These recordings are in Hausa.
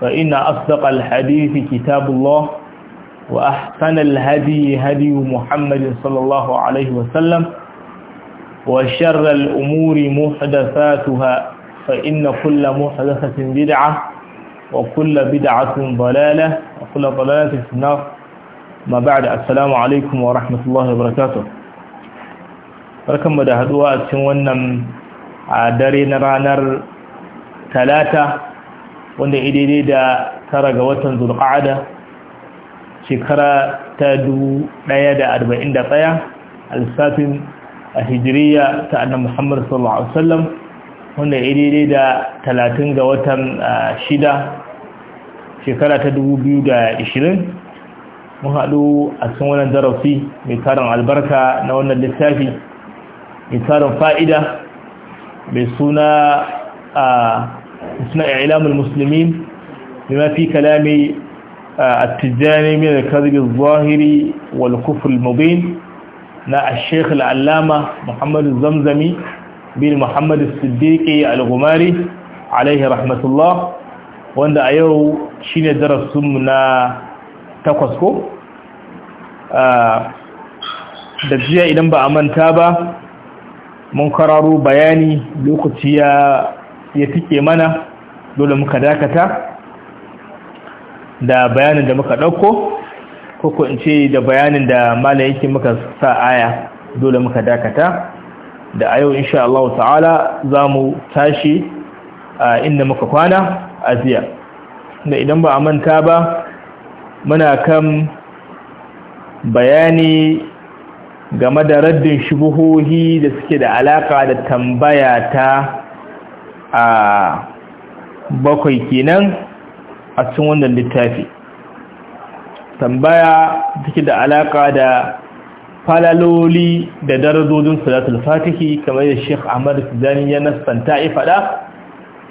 فإن أصدق الحديث كتاب الله وأحسن الهدي هدي محمد صلى الله عليه وسلم وشر الأمور محدثاتها فإن كل محدثة بدعة وكل بدعة ضلالة وكل ضلالة في النار ما بعد السلام عليكم ورحمة الله وبركاته بركم بدأ هدوء أتسونا آه، دارين رانر ثلاثة wanda ya daidai da tara ga watan zulqa'ada shekara ta 1141 al-safin a hijiriya ta annan Muhammad sallallahu alaihi wasallam wanda ya daidai da 30 ga watan shida shekara ta 2020 mun haɗu a cikin wannan darasi mai tarin albarka na wannan lissafi mai tarin fa'ida mai suna a suna ilamul المسلمين بما في كلام التجاني من الكذب الظاهري والكفر المبين نا الشيخ العلامة محمد الزمزمي بن محمد الصديقي الغماري عليه رحمة الله وان دا ايو شين درس سمنا تقسكو da jiya idan ba a manta ba mun ya tike mana dole muka dakata da bayanin da muka ɗauko ko in ce da bayanin da mala yake muka sa aya dole muka dakata da a yau insha Allah ta'ala za mu tashi a inda muka kwana a ziya da idan ba a manta ba muna kan bayani game da raddin shubuhohi da suke da alaka da tambaya ta a bakwai kenan a cikin wannan littafi tambaya take da alaka da falaloli da darajojin salatul fatihi kamar da Sheikh Ahmad Tijani ya nasanta ya fada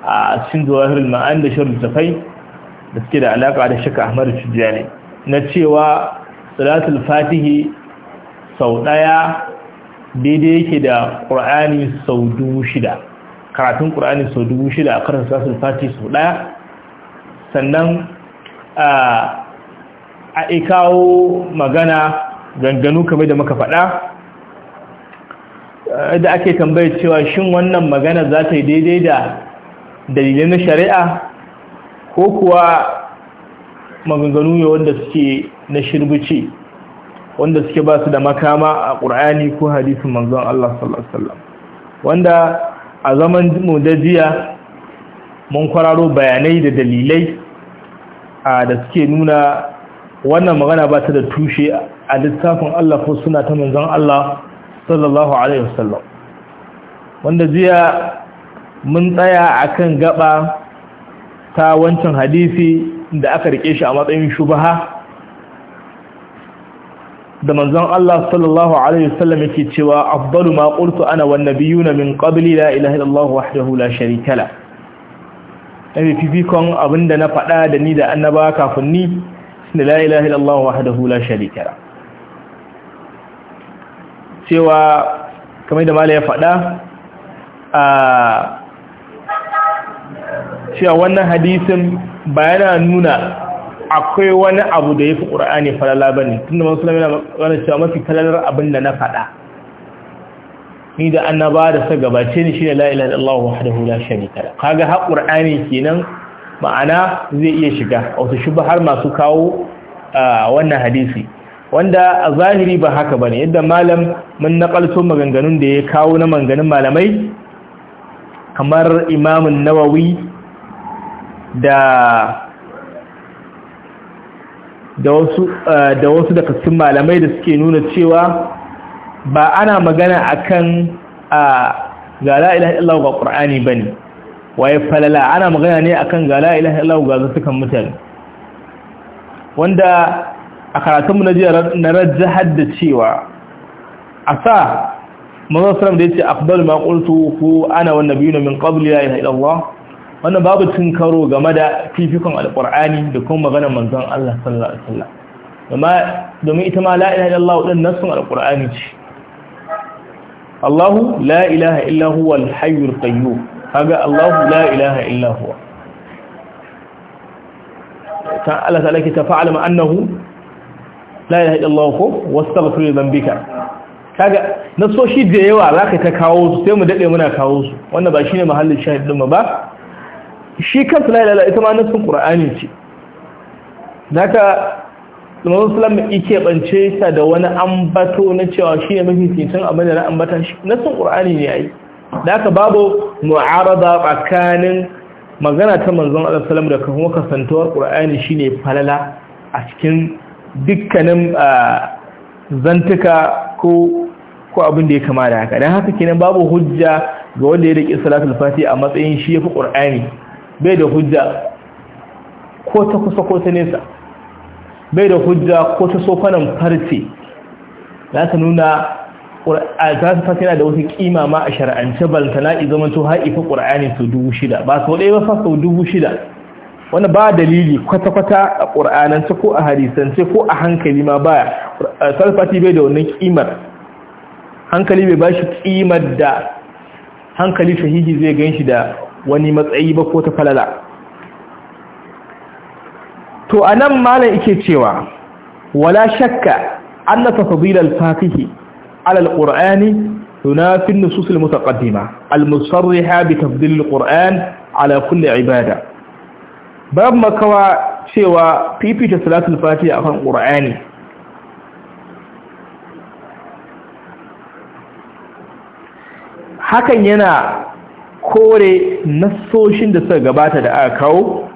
a cikin zawahirul ma'an da shirin tafai da take da alaka da Sheikh Ahmad Tijani na cewa salatul fatihi sau daya daidai yake da ƙur'ani sau dubu shida karatun ƙur'ani sau dubu shida a karanta sasul fati sau ɗaya sannan a ikawo magana ganganu kamar da maka faɗa da ake tambayar cewa shin wannan magana za ta yi daidai da dalilai na shari'a ko kuwa maganganu ne wanda suke na shirbici wanda suke ba su da makama a ƙur'ani ko hadisin manzon Allah sallallahu alaihi wasallam wanda a zaman mu da jiya mun kwararo bayanai da dalilai a da suke nuna wannan magana ba ta da tushe a littafin Allah ko suna ta manzon Allah sallallahu alaihi wasallam wanda jiya mun tsaya a kan gaba ta wancan hadisi da aka rike shi a matsayin shubaha da manzon Allah sallallahu alaihi wasallam yake cewa afdalu ma qultu ana wan nabiyuna min qabli la ilaha illallah wahdahu la sharika la fifikon abinda na faɗa da ni da annaba kafin ni la ilaha illallah wahdahu la sharika la cewa kamar da ya faɗa a cewa wannan hadisin bayana nuna akwai wani abu da ya fi ƙura'ani falala ba ne tun da musulmi na wani cewa mafi falalar abin da na faɗa ni da annaba da sa gabace ni shine la ilaha illallah wahdahu la sharika la kaga har qur'ani kenan ma'ana zai iya shiga wato shubha har masu kawo wannan hadisi wanda a zahiri ba haka bane yadda malam mun nakalto maganganun da ya kawo na maganganun malamai kamar imamun nawawi da da wasu eh, da wasu daga cikin malamai da suke nuna cewa ba ana magana akan a ga la ilaha illallah ga qur'ani bane waye falala ana magana ne akan ga la ilaha illallah ga kan mutane wanda a mu na jiya na rajahar da cewa a sa mazan salam da ya ce afdal ma qultu ko ana wannan biyu min qabli la ilaha illallah wannan babu cin karo game da fifikon alƙur'ani da kuma maganar manzon Allah sallallahu alaihi wasallam domin ita ma la ilaha illallah din nassun alƙur'ani ce Allahu la ilaha illa huwa al-hayyul qayyum kaga Allahu la ilaha illa huwa ta Allah ta laki ta ma annahu la ilaha illallah wa ko li dhanbika kaga nasoshi da yawa zaka ta kawo su sai mu dade muna kawo su wannan ba shine mahallin shahidin mu ba shi kansu la ita ma nasu qur'ani ce naka Imam Muslim yake ɓance ta da wani ambato na cewa shi ne mafi fitin abin da na ambata shi nasu qur'ani ne Da naka babu mu'arada tsakanin magana ta manzon alasalam da da kuma ƙura'ani shi ne falala a cikin dukkanin zantuka ko ko abin da ya kama da haka dan haka kenan babu hujja ga wanda ya rike salatul fati a matsayin shi ya fi qur'ani bai da hujja ko ta kusa ko ta nesa bai da hujja ko ta sofanan farce za ta nuna za su fasina da wata kima ma a shara'ance baltana izamanto haifa ƙura'ani su dubu shida ba su waɗai ba fa sau dubu shida wani ba dalili kwata-kwata a ƙura'anance ko a harisance ko a hankali ma baya salfati bai da wannan kimar hankali bai ba shi kimar da hankali sahihi zai gan shi da wani matsayi ba ko ta falala to a nan malar ike cewa wala shakka an na tafadila alfafihi alal ƙura'ani tunafin da susul musa ƙaddima almusarri haɓi tafadila ƙura'an ala kulle ibada Babu makawa cewa fifita salatu alfafihi a kan ƙura'ani hakan yana kore nassoshin da suka gabata da aka kawo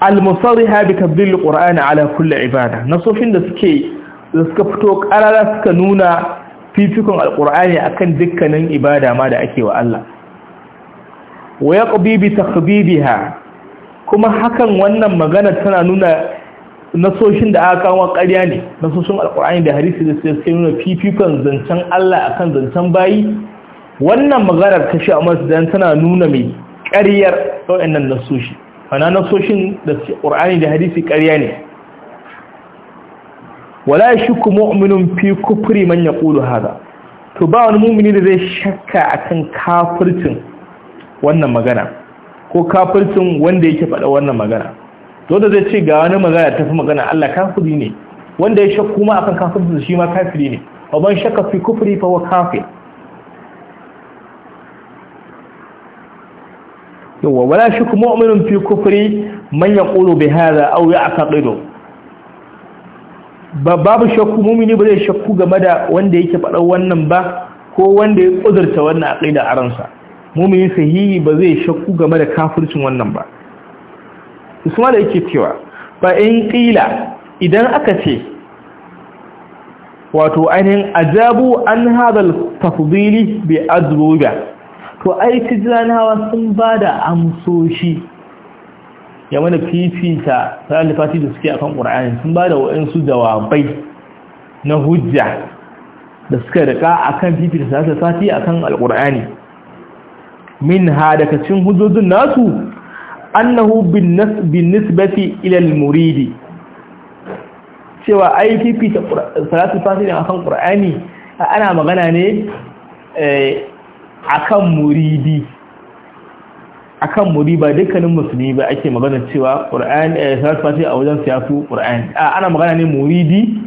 al-musarriha bi tabdil al-qur'ani ala kulli ibada nassoshin da suke da suka fito karara suka nuna fifikon al-qur'ani akan dukkanin ibada ma da ake wa Allah wa yaqbi bi takhbibiha kuma hakan wannan magana tana nuna nasoshin da aka kawo ƙarya ne nasoshin alƙur'ani da hadisi da suke nuna fifikon zancen Allah akan zancen bayi wannan maganar ta sha masu dan tana nuna mai ƙaryar waɗannan nasoshi ana nasoshin da ƙur'ani da hadisi ƙarya ne wala yashku mu'minun fi kufuri man ƙulu haza, to ba wani mu'mini da zai shakka akan kafircin wannan magana ko kafircin wanda yake faɗa wannan magana to da zai ce ga wani magana ta fi magana Allah kafiri ne wanda ya shakku ma akan kafircin shi ma kafiri ne wa shakka fi fa kafir yawa wala shi kuma mu'minun fi kufri man yaqulu bi hadha aw ya'taqidu babu shakku mu'mini ba zai shakku game da wanda yake faɗa wannan ba ko wanda ya kudurta wannan aqida a ransa mu'mini sahihi ba zai shakku game da kafircin wannan ba Usman yake cewa ba in qila idan aka ce wato ainihin ajabu an hadal tafdili bi azbuga to ai hawa sun ba da amsoshi ya mana fifita talifati da suke a kan Qur'ani. sun ba da waɗansu jawabai na hujja da suka rika akan fifita talifati akan alƙur'ani min ha daga cikin hujjojin nasu annahu bin nisbati ilal muridi cewa ai fifita talifati ne akan Qur'ani ana magana ne eh, akan muridi akan muri ba dukkanin musulmi ba ake magana cewa Qur'an eh fa sai a wajen siyasu qur'an a ana magana ne muridi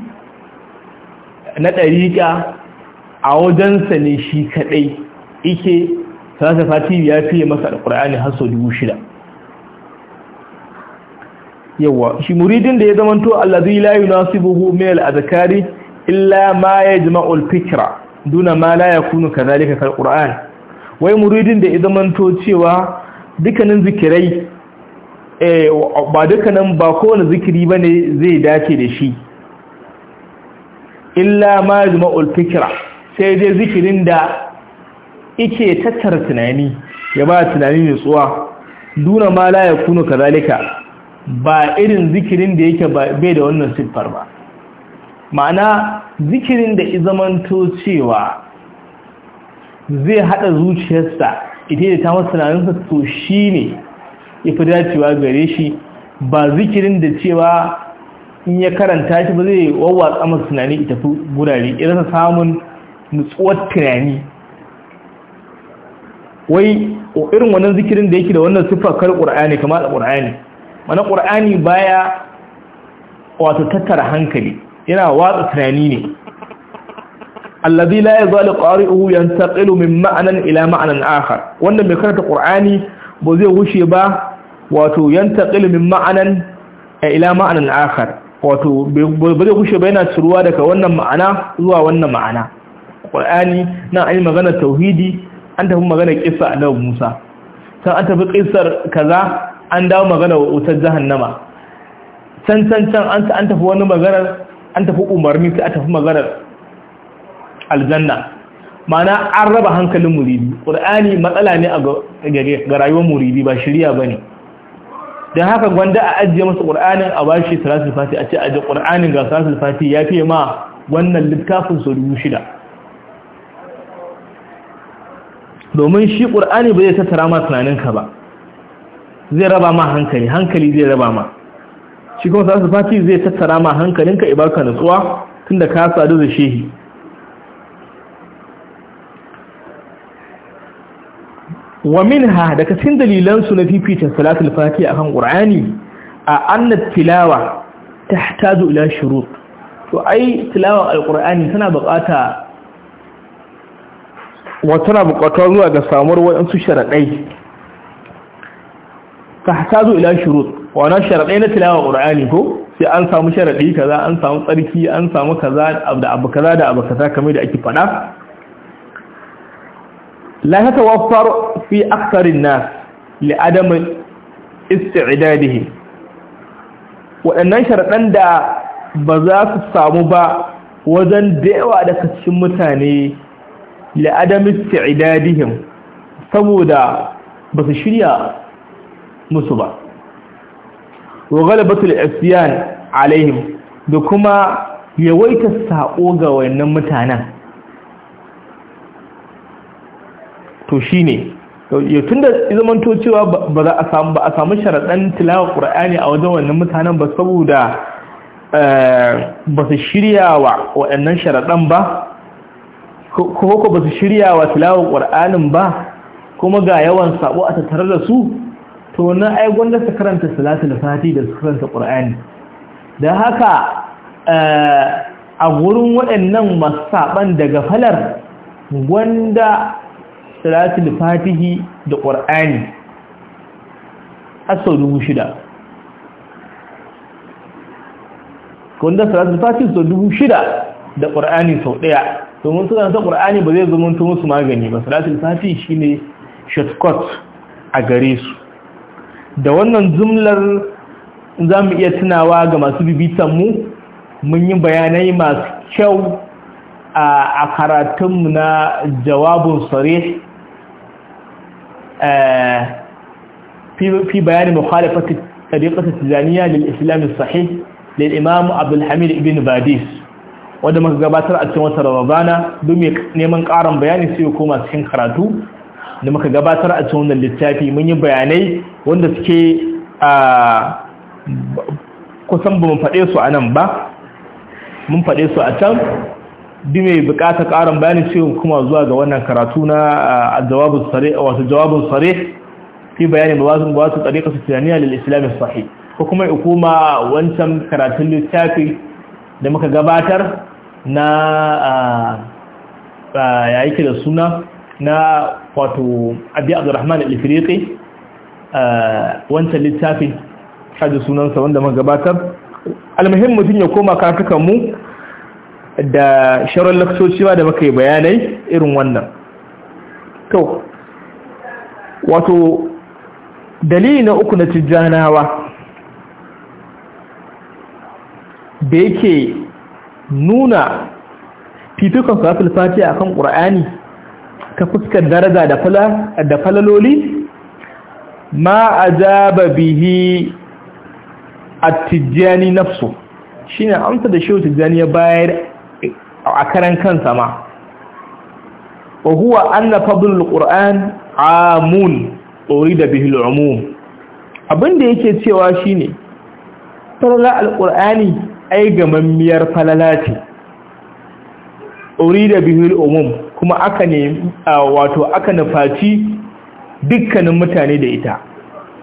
na ɗariƙa a wajen sa ne shi kaɗai sai fa ti ya fiye masa da har sau dubu shida yawa shi muridin da ya zamanto allazi la yunasibuhu min azkari illa ma yajma'ul fikra duna ma la yakunu kadhalika kal-qur'an wai muridin da izamanto cewa dukkanin zikirai eh, ba dukkanin ba kowane zikiri ba ne zai dace da shi illa ma zuma ulfikira sai dai zikirin da ike tattara tunani ya ba tunani mai tsuwa duna ma la ya kuno kazalika ba irin zikirin da yake bai da wannan siffar ba ma'ana zikirin da izamanto cewa zai haɗa zuciyarsa ita da ta tunanin tunaninsa to shi ne ya fi dacewa gare shi ba zikirin da cewa in ya karanta shi ba zai wawwatsa masa tunani ita fi gurare sa samun nutsuwar tunani wai irin wannan zikirin da yake da wannan siffakar Kur'ani kama da ƙur'ani wani ƙur'ani baya wato tattara hankali yana watsa tunani ne alladhi la yazalu qari'uhu yantaqilu min ma'nan ila ma'nan akhar wanda mai karanta qur'ani ba zai wuce ba wato yantaqilu min ma'nan ila ma'nan akhar wato ba zai wuce ba yana ciruwa daga wannan ma'ana zuwa wannan ma'ana qur'ani na an magana tauhidi an tafi magana kissa annabi Musa san an tafi kissar kaza an dawo magana wutar jahannama can can can an tafi wani magana an tafi umarni sai a tafi magana aljanna mana an raba hankalin muridi ƙur'ani matsala ne ga rayuwar muridi ba shirya ba ne don haka gwanda a ajiye masa ƙur'anin a bashi salatul fati a ce ajiye ƙur'anin ga salatul fati ya fiye ma wannan littafin sau dubu shida domin shi ƙur'ani ba zai tattara ma tunaninka ba zai raba ma hankali hankali zai raba ma shi kuma salatul fati zai tattara ma hankalinka ibarka natsuwa tunda ka sadu da shehi wa minha daga cikin dalilan su na fifita salatul fatiha akan qur'ani a annat tilawa tahtaju ila shurut to ai tilawa alqur'ani tana buƙata wato na zuwa ga samuwar wayansu sharadai tahtaju ila shurut na sharadai na tilawa qur'ani ko sai an samu sharadi kaza an samu tsarki an samu kaza da abu kaza da abu kaza kamar da ake faɗa la tatawaffaru fi aksarin na li'adamin isti'idadihi waɗannan sharaɗan da ba za su samu ba wajen da daga cikin mutane li'adamin isti'idadihim saboda ba su shirya musu ba wa galabatul asiyan alaihim da kuma yawaita saƙo ga wannan mutanen to shine ne ya tunda zamanto cewa ba za a samu ba a samu sharaɗan tilawa ƙur'ani a wajen wannan mutanen ba saboda eh, ba su shirya wa waɗannan sharaɗan ba ko ko ba su shirya wa tilawa ƙura'anin ba kuma ga yawan sabo a tattare da su to na ai gwanda su karanta salatul fati da su karanta ƙur'ani da haka eh, a gurin waɗannan masu saɓan daga falar gwanda salatul fatihi da ƙwar'ani asau dubu shida wanda salatul fatihi sau dubu shida da ƙwar'ani sau ɗaya domin suna ta ƙwar'ani ba zai zama tun musu magani ba salatul fatihi shi ne shortcut a gare su da wannan jumlar za mu iya tunawa ga masu bibitanmu mun yi bayanai masu kyau a karatunmu na jawabin sarih في بيان مخالفة طريقة التجانية للإسلام الصحيح للإمام عبد الحميد بن باديس wanda muka gabatar a cikin wata Ramadana don neman ƙarin bayani sai koma cikin karatu da muka gabatar a cikin wannan littafi mun yi bayanai wanda suke a kusan ba mun faɗe su a nan ba mun faɗe su a can duk mai bukata karin bayanin cewa kuma zuwa ga wannan karatu na ah, jawabin sare wato jawabin sare fi bayani mawazin wasu tariqa sunaniya lil islam sahih ko kuma hukuma wancan karatun littafi da muka gabatar na ah, ah, ya yake da suna na wato abi abdurrahman al-ifriqi wancan littafi kaji sunansa wanda muka gabatar almuhim mutun ya koma karatukan mu da shirin lakcoci ba da maka yi bayanai irin wannan to wato dalili na uku na tijjanawa da yake nuna fitukan kafin fati a kan ƙura'ani ta fuskar daraja da falaloli ma a bihi a tijjani nafsu shi ne amsa da shi tijjani ya bayar a karan kansa ma wa huwa anna fadlul qur'an amun urida bihi abinda yake cewa shine falala al-qur'ani ai gamammiyar falala ce urida bihi al kuma aka ne wato aka nufaci dukkanin mutane da ita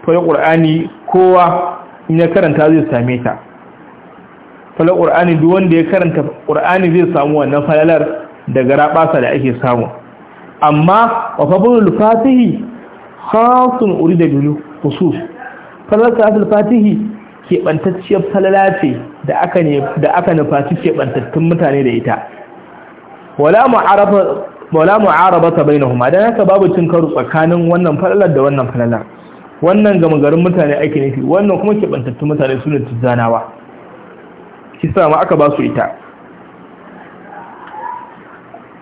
fa al kowa in ya karanta zai same ta fala qur'ani duk wanda ya karanta qur'ani zai samu wannan falalar da garabasa da ake samu amma wa fadlul fatihi khasun urida bil khusus falalar salatul fatihi ke bantacciyar falala ce da aka ne da aka nufaci ke bantattun mutane da ita wala mu'arafa wala mu'arabata bainahuma dan haka babu cin karo tsakanin wannan falalar da wannan falalar wannan gama garin mutane ake nufi wannan kuma ke bantattun mutane sunan ne tuzanawa kisa ma aka ba su ita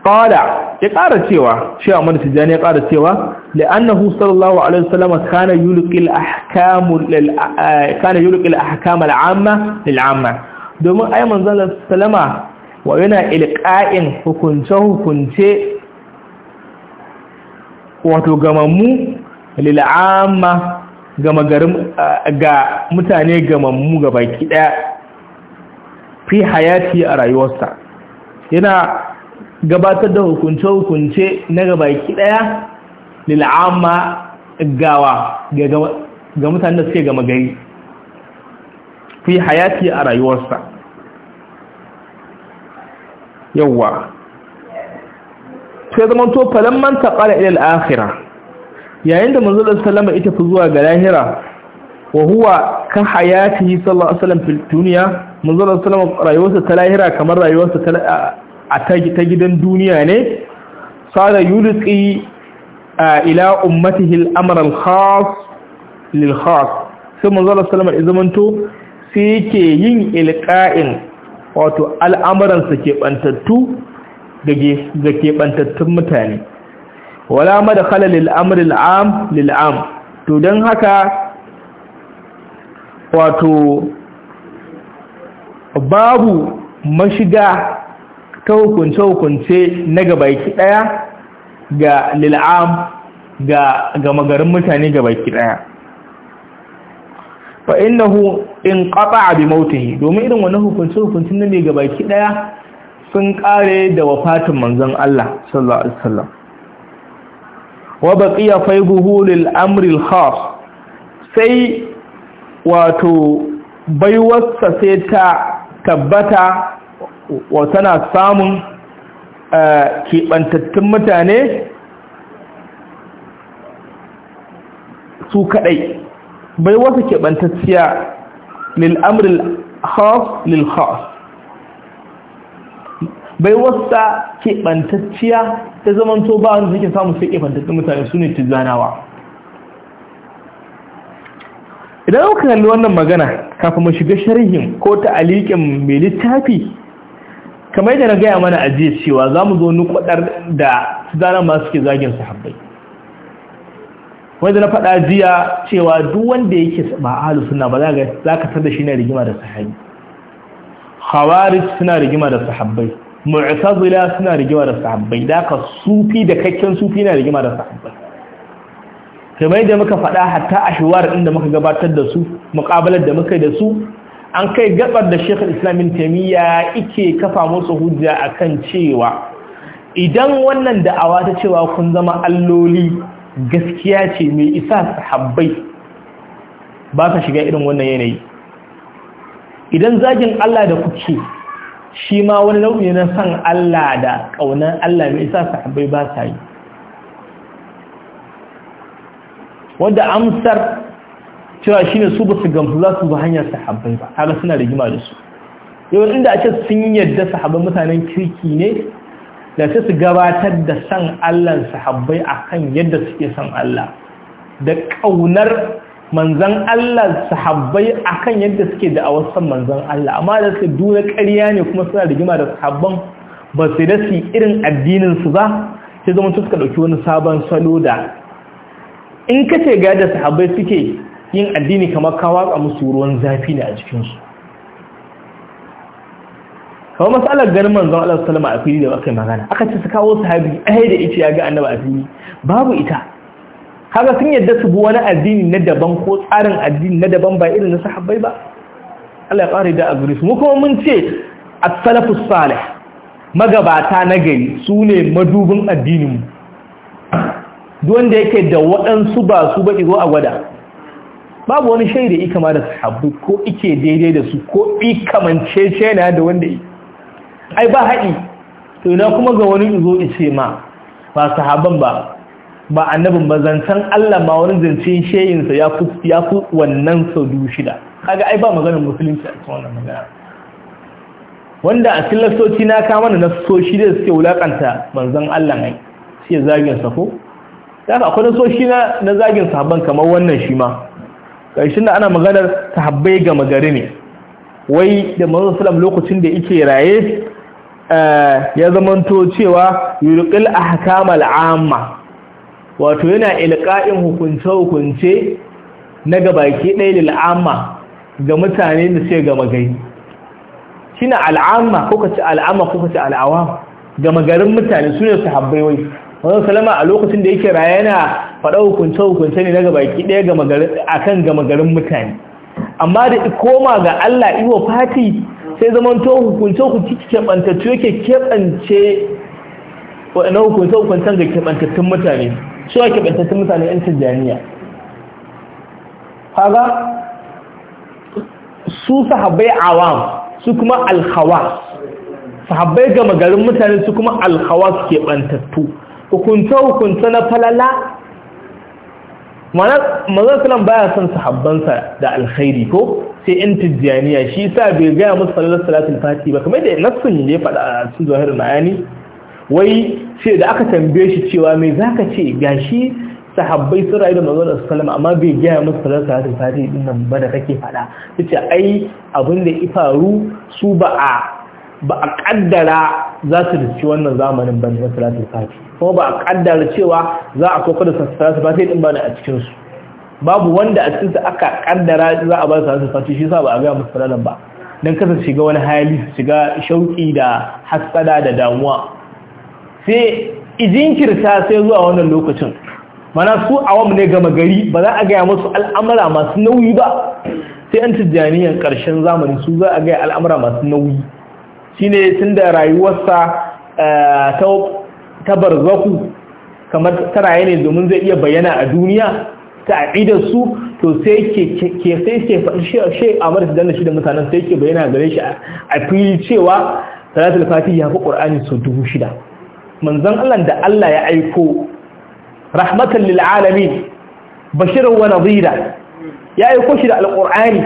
qala ya ƙara cewa shi Ahmad Tijani ya ƙara cewa la'annahu sallallahu alaihi wasallam kana yulqil ahkamul kana yulqil ahkamal amma lil amma domin ai manzon sallama wa yana ilqa'in hukunce hukunce wato gamammu lil amma ga mutane gamammu gabaki daya fi hayati a rayuwarsa yana gabatar da hukunce-hukunce na ki daya lil'amma gawa ga mutane da suke gama gari fi hayati a rayuwarsa yawwa sai zaman to manta ƙara ilil akhira yayin da manzo da sallama ita fi zuwa ga lahira wa huwa ka hayati sallallahu alaihi wasallam fil duniya manzo sallallahu alaihi rayuwarsa ta lahira kamar rayuwarsa ta gidan duniya ne sada yulqi ila ummatihi al-amr al-khas lil khas sai manzo sallallahu alaihi wasallam izamanto sai yake yin ilka'in. wato al'amuransa sa ke bantattu bantattun mutane wala ma da amr al-am lil'am. to don haka wato babu mashiga ta hukunce-hukunce na gabaki ɗaya ga lil'am ga gama garin mutane gabaki ɗaya fa innahu in qata'a bi mautihi domin irin wannan hukunci hukuncin ne gabaki ɗaya sun kare da wafatin manzon Allah sallallahu alaihi wasallam wa baqiya faybuhu lil amri al khas sai wato baiwarsa sai ta tabbata tana samun eh, keɓantattun mutane su kaɗai baiwarsa keɓantacciya lil'amril khas lil khas baiwarsa keɓantacciya ta zamanto ba wanda suke samun sai keɓantattun mutane su ne tijjanawa idan ka kalli wannan magana kafin mu shiga sharhin ko ta aliƙin mai littafi kamar yadda na gaya mana a jiya cewa za mu zo ni kwadar da zana masu ke zagin sahabbai wanda na faɗa jiya cewa duk wanda yake ba ahalu suna ba za ka tada shi na rigima da sahabi khawarij suna rigima da sahabbai mu'tazila suna rigima da sahabbai da ka sufi da kakken sufi na rigima da sahabbai kamar yadda muka faɗa hatta a shiwar inda muka gabatar da su muƙabalar da muka da su an kai gabar da shekar islamin taimiyya ike kafa musu hujja akan cewa idan wannan da'awa ta cewa kun zama alloli gaskiya ce mai isa sahabbai ba ka shiga irin wannan yanayi idan zagin Allah da kuke shi ma wani nau'i na san Allah da ƙaunar Allah mai isa sahabbai ba sa yi wanda amsar cewa shi ne su ba su gamsu za su ba hanyar sahabbai ba kaga suna rigima da su yau inda a ce sun yadda sahabban mutanen kirki ne da sai su gabatar da san Allah sahabbai akan yadda suke san Allah da kaunar manzan Allah sahabbai akan yadda suke da awasan manzan Allah amma da suke duna ƙarya ne kuma suna rigima da sahabban ba su da su irin addininsu ba sai zama suka ɗauki wani sabon salo da in ka ce ga da sahabbai suke yin addini kamar ka watsa musu ruwan zafi ne a jikinsu kawai matsalar ganin manzon Allah salama a fili da aka yi magana aka ce su kawo sahabi ai da ita ya ga annaba a babu ita haka sun yadda su bi wani addini na daban ko tsarin addini na daban ba irin na sahabbai ba Allah ya ƙare da a su mu kuma mun ce as-salafus salih magabata na gari sune ne madubin mu wanda yake da waɗansu ba su ba zo a gwada babu wani shaida ika ma da sahabu ko ike daidai da su ko ikamancece na da wanda yi ai ba haɗi to ina kuma ga wani zo ice ma ba sahabban ba ba annabin ba zancen Allah ma wani zancen shayinsa ya fi ya wannan sau dubu shida kaga ai ba maganar musulunci a cikin wannan magana wanda a cikin lasoci na kama da nasoshi da suke wulakanta manzon Allah mai sai zagin sa ko ya akwai nasoshi na zagin sahabban kamar wannan shi ma ƙarshen da ana maganar sahabbai gama gari ne wai da mazan salam lokacin da yake raye eh, ya zamanto cewa a ahkamal amma wato yana ilka'in hukunce hukunce na gabaki ɗaya lil amma ga mutane da sai gama shi na al'amma ko kace al'amma ko kace al'awa gama garin mutane su ne habbai wai wanzu salama a lokacin da yake raya yana faɗa hukunce-hukunce ne daga baki ɗaya a kan gama garin mutane amma da koma ga Allah iwo fati sai zaman to hukunce-hukunce keɓantattu yake keɓance na hukunce hukunce ga keɓantattun mutane shi wa keɓantattun mutane yan tijjaniya kaga su sahabbai awam su kuma alhawa sahabbai gama garin mutane su kuma alhawa su keɓantattu hukunce-hukunce na falala mazasalan baya son sahabbansa da alkhairi ko sai yan tijjaniya shi sa bai gaya musu falalar salatin fati ba kamar da nassun ne faɗa a cikin zahirin ayani wai ce da aka tambaye shi cewa mai zaka ce Ga shi sahabbai sun rayu da manzon sallallahu amma bai gaya musu falalar salatin fati din nan ba da kake faɗa ce ai abin da ya faru su ba a ba a kaddara za su dace wannan zamanin ban da salatul fati kuma ba a kaddara cewa za a koko da salatul fati din bane a cikin su babu wanda a cikin su aka kaddara za a ba su salatul fati shi yasa ba a ga musu ba dan kasa shiga wani hali shiga shauki da hasada da damuwa sai ijinkirta sai zuwa wannan lokacin mana su awam ne gama gari ba za a gaya musu al'amura masu nauyi ba sai an tijjaniyan karshen zamani su za a gaya al'amura masu nauyi Shi ne shine da rayuwarsa eh, ta barzaku kamar raye ne domin zai iya bayyana a duniya ta aqidar su to sai ke sai ke shi Amr da danna shi da mutanen sai ke bayyana gare shi a fili cewa salatul ya fi su dubu shida manzon Allah da Allah ya aiko rahmatan lil alamin bashiran wa ya aiko shi da Alƙur'ani.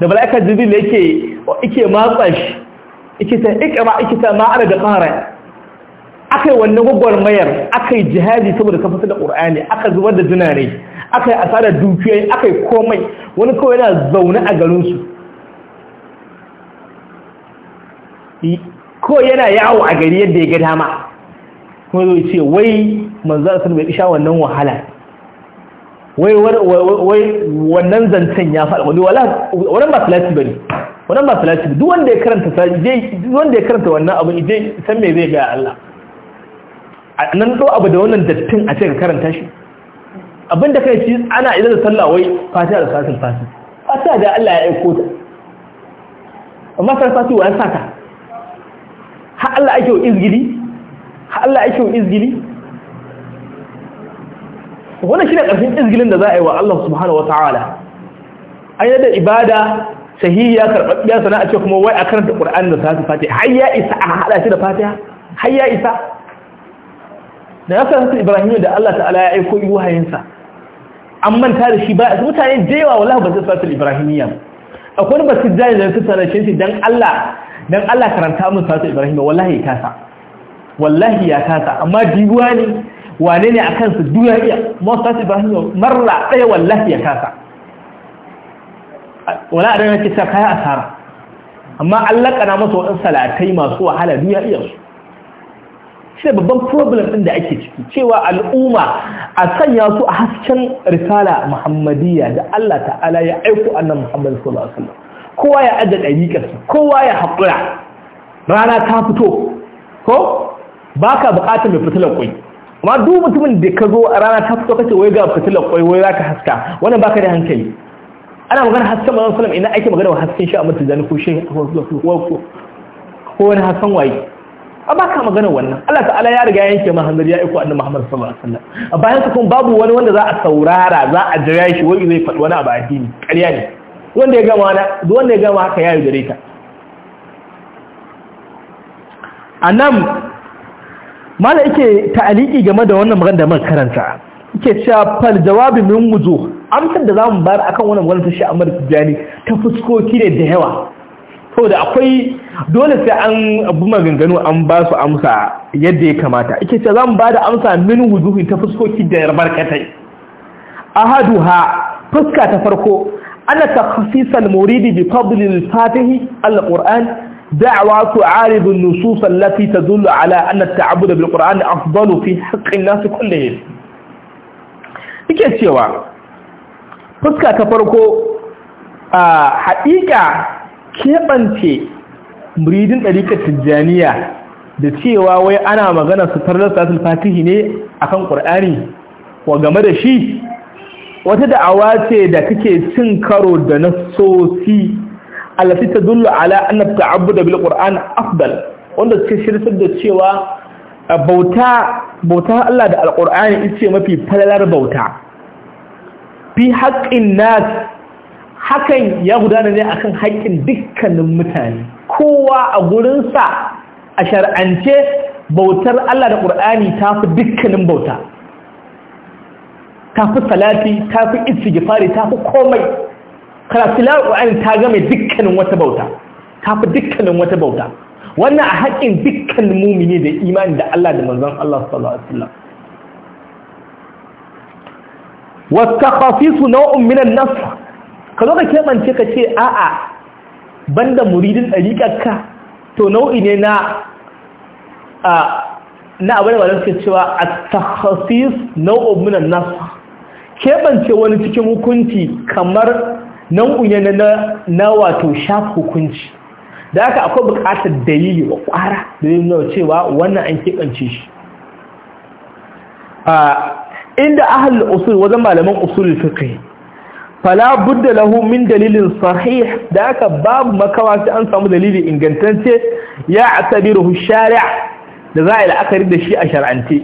da malaikar jibril da yake matsa shi ikita ikira ikita ma ana da tsara akai wannan gwagwarmayar aka jihadi saboda tafasa da ƙur'ani aka zubar da dinare akai asara asarar dukiyoyi akai komai wani kawai yana zaune a su ko yana yawo a gari yadda ya ga dama kuma zai ce wai manzo sun bai isha wannan wahala wai wannan zancen ya faɗa wani wala ba plastic bane ba ne wannan ba salati duk wanda ya karanta wanda ya karanta wannan abu ije san me zai gaya Allah a nan do abu da wannan dattin a ce ka karanta shi da kai shi ana idan da sallah wai fatiha da salatin fasi fatiha da Allah ya aiko ta amma sai fatiha wa saka har Allah ake yi izgili har Allah ake yi izgili wannan shine karfin izgilin da za a yi wa Allah subhanahu wataala ayyada ibada sahihi ya karɓaɓɓiya sana a ce kuma wai a karanta ƙur'ani da salatu fatiha har ya isa a haɗa shi da fatiha har ya isa da ya karanta ibrahim da allah ta'ala ya aiko yi wahayinsa an manta da shi ba mutane da yawa wallahi ba su zai salatu ibrahimiyya akwai wani basu jani da su sanarci shi dan allah dan allah karanta mun salatu ibrahim wallahi ya kasa wallahi ya kasa amma diwani wane ne a kansa duniya iya masu salatu ibrahim marra ɗaya wallahi ya kasa wala a ranar kisa kayan asara amma an laƙana masa waɗansu salatai masu wahala duniya iya su shi babban problem ɗin da ake ciki cewa al'umma a sanya su a hasken risala muhammadiyya da Allah ta'ala ya aiko annan muhammadu sallallahu alaihi wasallam kowa ya adda su, kowa ya haƙura rana ta fito ko ba ka buƙatar mai fitilar ƙwai amma duk mutumin da ka zo a rana ta fito kace wai ga fitilar ƙwai wai za ka haska wannan ba ka da hankali ana magana hasken manzon sallam ina ake magana wa hasken shi a mutum ko shi ko wani hasken waye a ba ka magana wannan Allah ta'ala ya riga yanke ma ya iko annabi Muhammad sallallahu alaihi wasallam a bayan su kuma babu wani wanda za a saurara za a jira shi wani zai faɗi wani abu addini ƙarya ne wanda ya gama na wanda ya gama haka ya yi gare ka anan mala yake ta'aliki game da wannan magana da muka karanta ke cewa fal jawabi min wuzo amsar da zamu bayar akan wannan wannan tashi da Tijani ta fuskoki ne da yawa To da akwai dole sai an abu maganganu an ba su amsa yadda ya kamata yake cewa zamu bada amsa min wujuh ta fuskoki da barkatai ahaduha fuska ta farko ana takhsis al-muridi bi fadl al-fatih al-Qur'an da'wa tu'arib an-nusus allati tadullu ala anna at-ta'abbud bil-Qur'an afdalu fi haqqi an-nas yake cewa fuska ta farko a haƙiƙa keɓance muridin ɗariƙar tijjaniya da cewa wai ana magana su tarar satul fatihi ne akan ƙur'ani wa game da shi wata da'awa ce da kake cin karo da na sosi. nasosi ta dullu ala annabta, abu da bil qur'an afdal wanda suke shirtar da cewa bauta bauta Allah da alƙur'ani ita ce mafi falalar bauta fi haƙƙin nas hakan ya gudana ne akan haƙƙin dukkanin mutane kowa a gurinsa a shar'ance bautar Allah da Qur'ani ta fi dukkanin bauta ta fi salati ta fi istighfari ta fi komai karatu la ƙur'ani ta game dukkanin wata bauta ta fi dukkanin wata bauta wannan a haƙƙin dukkan mumini da imani da Allah da manzon Allah sallallahu alaihi wasallam watakhafisu naw'un min an-nafs ka zo ka kebance ka ce a'a banda muridin dariƙarka to nau'i ne na a na abin da suke cewa a takhassis naw'un minan an-nafs kebance wani cikin hukunci kamar nau'in ne na wato shafi hukunci da haka akwai bukatar dalili wa ƙwara dalilin nawa cewa wannan an keɓance shi ah, inda ahal usul wajen malaman usul fiqh fala budda lahu min dalilin sahih da haka babu makawa sai an samu dalili ingantacce ya asabiruhu shari'a da za a la'akari da shi a shar'ance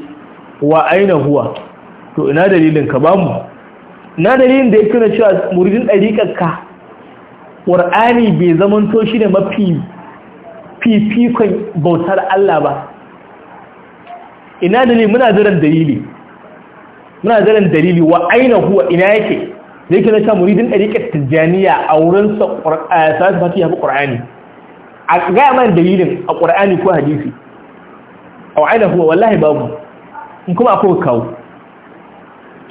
wa aina huwa to ina dalilin ka bamu na dalilin da yake na cewa muridin ɗariƙar ka ƙur'ani bai zamanto shi ne mafi fifikon bautar Allah ba ina dalili muna jiran dalili muna jiran dalili wa aina huwa ina yake da yake na sha muridin ɗariƙar tijjaniya a wurin salatu fatiha fi ƙur'ani a gaya man dalilin a ƙur'ani ko hadisi a aina huwa wallahi babu in kuma akwai kawo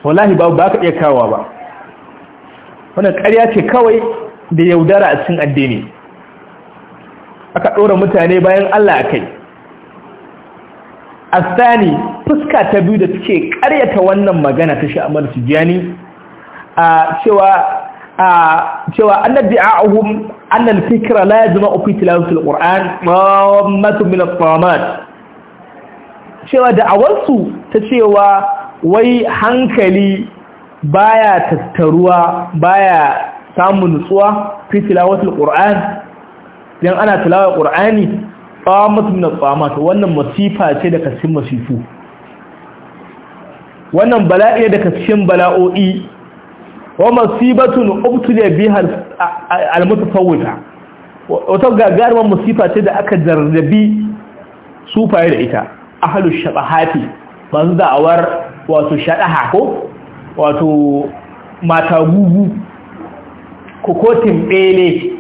wallahi babu ba ka iya kawo ba wannan ƙarya ce kawai da yaudara a cikin addini aka ɗora mutane bayan Allah a kai asani fuska ta biyu da suke ƙaryata wannan magana ta sha'amar sujiyani a cewa a cewa annabi a'ahum annal fikra la yajma fi tilawati alquran qamatun min at-tamat cewa da'awarsu ta cewa wai hankali baya tattaruwa baya samun nutsuwa fi tilawatul qur'an dan ana tilawa qur'ani qamat min qamat wannan masifa ce daga cikin masifu wannan bala'i daga cikin bala'o'i wa masibatun ubtuliya biha almutafawwita wata gagarumar masifa ce da aka jarrabi faye da ita ahlus shabahati masu da'awar wato shadaha ko wato mata gugu Koko ko timbele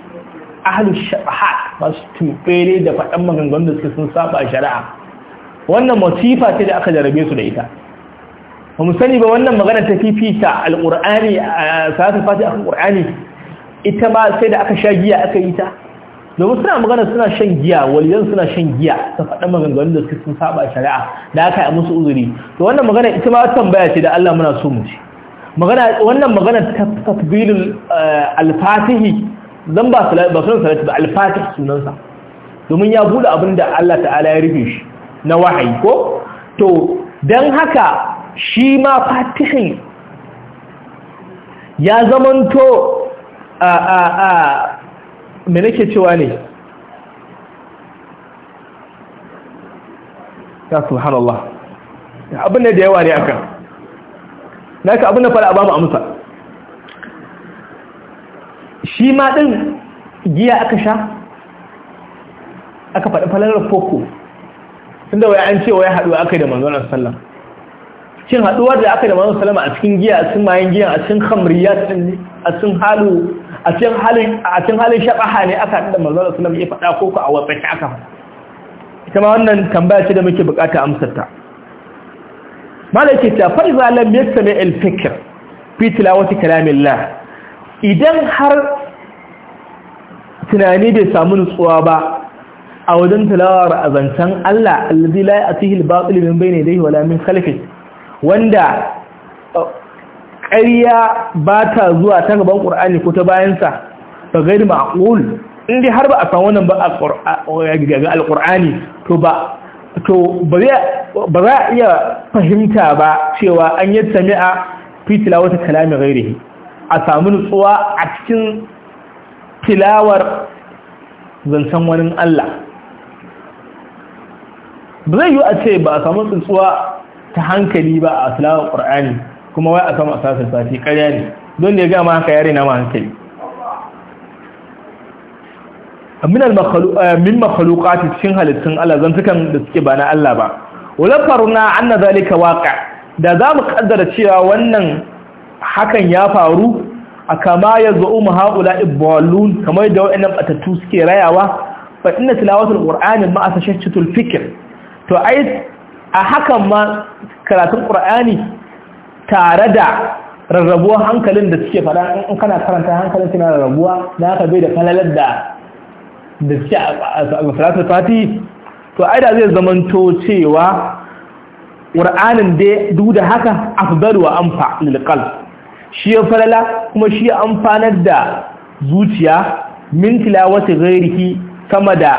ahlus shabahat masu timbele da faɗan maganganun da suka sun saba shari'a wannan masifa ce da aka jarabe su da ita ba mu sani ba wannan magana ta fifita alƙur'ani a salatul fati a ƙur'ani ita ma sai da aka sha giya aka yi ta domin suna magana suna shan giya waliyan suna shan giya ta faɗan maganganun da suka sun saba shari'a da aka yi musu uzuri to wannan magana ita ma tambaya ce da Allah muna so mu ci magana wannan magana ta takbilul eh, al zan ba ba sunan salati ba al-fatih sunansa domin ya bude abin da Allah ta'ala ya rufe shi na wahayi ko to dan haka shi ma fatihin ya zamanto a a a me nake cewa ne ya subhanallah abin da yawa ne akan da aka abin da fara a bamu amsa shi ma ɗin giya aka sha aka faɗi falalar koko da wai an ce wai haɗuwa aka yi da manzonar sallam cin haɗuwar da aka yi da manzonar sallam a cikin giya a cikin mayan giya a cikin hamriyat a cikin halu a cikin halin a cikin halin ne aka haɗu da manzonar sallam ya faɗa koko a watsaki aka ita ma wannan tambaya ce da muke bukata amsar ta malaki ta fa'iza lam yastami al-fikr fi tilawati kalamillah idan har tunani bai samu nutsuwa ba a wajen tilawar azancan Allah allazi la ya'tihi al-batil min bayni yadayhi wala min khalfihi wanda uh, ƙarya ba ta zuwa ta gaban ƙur'ani ko ta bayansa ba gairi ma'qul indai har ba a san wannan ba a ga alƙur'ani to ba to ba za a iya fahimta ba cewa an yi sami'a fi tilawata kalami gairihi a samu nutsuwa a cikin tilawar zancen wani Allah ba zai yi a ce ba a samu nutsuwa ta hankali ba a tilawar Kur'ani. kuma wai a samu asasar sati ƙarya ne don ne gama haka yare na hankali Eh, min makhluqati cikin halittun Allah zantukan da suke ba na Allah ba wala faruna anna zalika waqa da zamu kaddara cewa wannan hakan ya faru a kama ya zo'umu haula ibalun kamar da waɗannan batattu suke rayawa fa inna tilawatul qur'ani ma asashatul fikr to ai a hakan ma karatun qur'ani tare da rarrabuwar hankalin da suke fada in kana karanta hankalin tana rarrabuwa da haka bai da falalar da da suke a salatul fati to ai da zai zamanto cewa ƙur'anin dai duk da haka afdalu wa amfa lil qalb shi ya falala kuma shi ya amfanar da zuciya min tilawati ghairihi sama da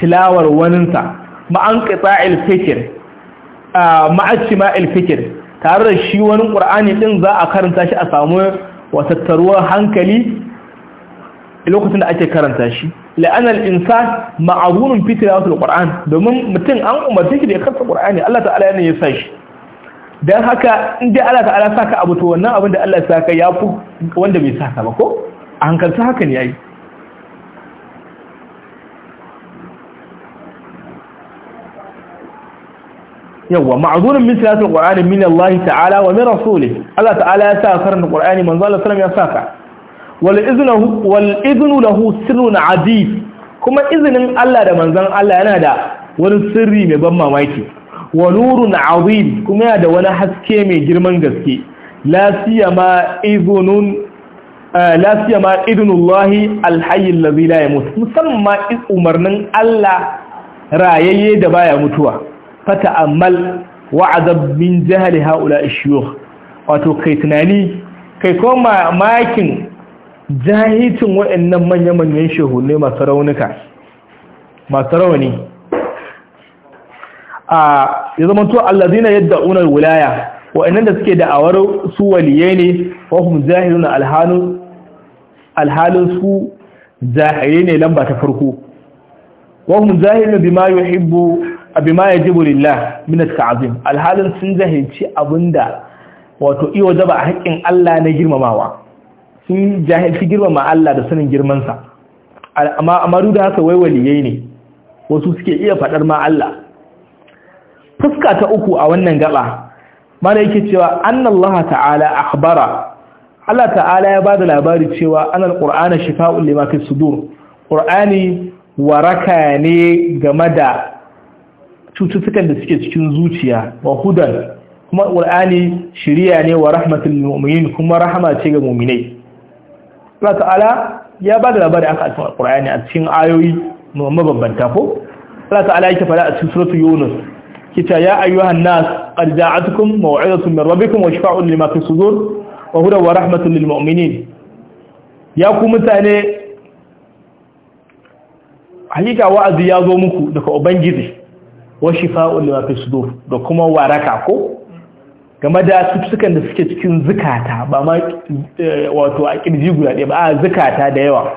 tilawar waninsa ma'an qita'il fikr al-fikr tare da shi wani qur'ani din za a karanta shi a samu watattaruwar hankali lokacin da ake karanta shi la'an al-insan ma'azunun fi tilawatul domin mutum an umarce shi da ya karanta qur'ani Allah ta'ala ne ya sa shi dan haka inda dai Allah ta'ala saka abu to wannan abin da Allah ya saka ya fi wanda bai saka ba ko a hankalta haka ne yi. yawa ma'azunun min tilawatul qur'ani min Allah ta'ala wa min rasuli Allah ta'ala ya sa karanta qur'ani manzo Allah sallallahu alaihi wasallam ya saka wal iznu lahu sirrun adif kuma izinin Allah da manzon Allah yana da wani sirri mai ban mamaki wa nurun azim kuma yana da wani haske mai girman gaske la siya ma eh, la siyama idnullahi alhayy mutu. Musamman yamut umarnin Allah rayayye da baya mutuwa Fata fata'ammal wa'azab min jihar haula ash wato kai tunani kai kuma makin jahicin waɗannan manya-manyan shehune masu raunuka masu rauni a ya zama to allazina yadda unar wilaya waɗannan da suke da'awar su waliyai ne wahum zahirun alhalin su zahiri ne lamba ta farko wahum zahirun bima yuhibbu abima yajibu lillah min at-ta'zim alhalin sun jahilci abinda wato iya wajaba hakkin Allah na girmamawa sun jahilci girmama Allah da sanin girmansa amma amaru da haka wai waliyai ne wasu suke iya faɗar ma Allah fuska ta uku a wannan gaba mana yake cewa annallaha ta'ala akhbara Allah ta'ala ya bada labari cewa anal qur'ana shifa'un lima fi sudur qur'ani waraka ne game da cututtukan da suke cikin zuciya wa hudan kuma qur'ani shiriya ne wa rahmatul mu'minin kuma rahama ce ga mu'minai Allah ta'ala ya ba da labari aka alfin alkur'ani a cikin ayoyi mabambanta ko Allah ta'ala yake fara a cikin suratul yunus kita ya ayyuhan nas qad ja'atukum maw'izatun min rabbikum wa shifa'un lima fi sudur wa hudan wa rahmatun lil mu'minin ya ku mutane hakika wa'azi ya zo muku daga ubangiji wa shifa'un lima fi sudur da kuma waraka ko game da sukan da suke cikin zukata ba ma eh, wato a kirji guda ɗaya ba a zukata da yawa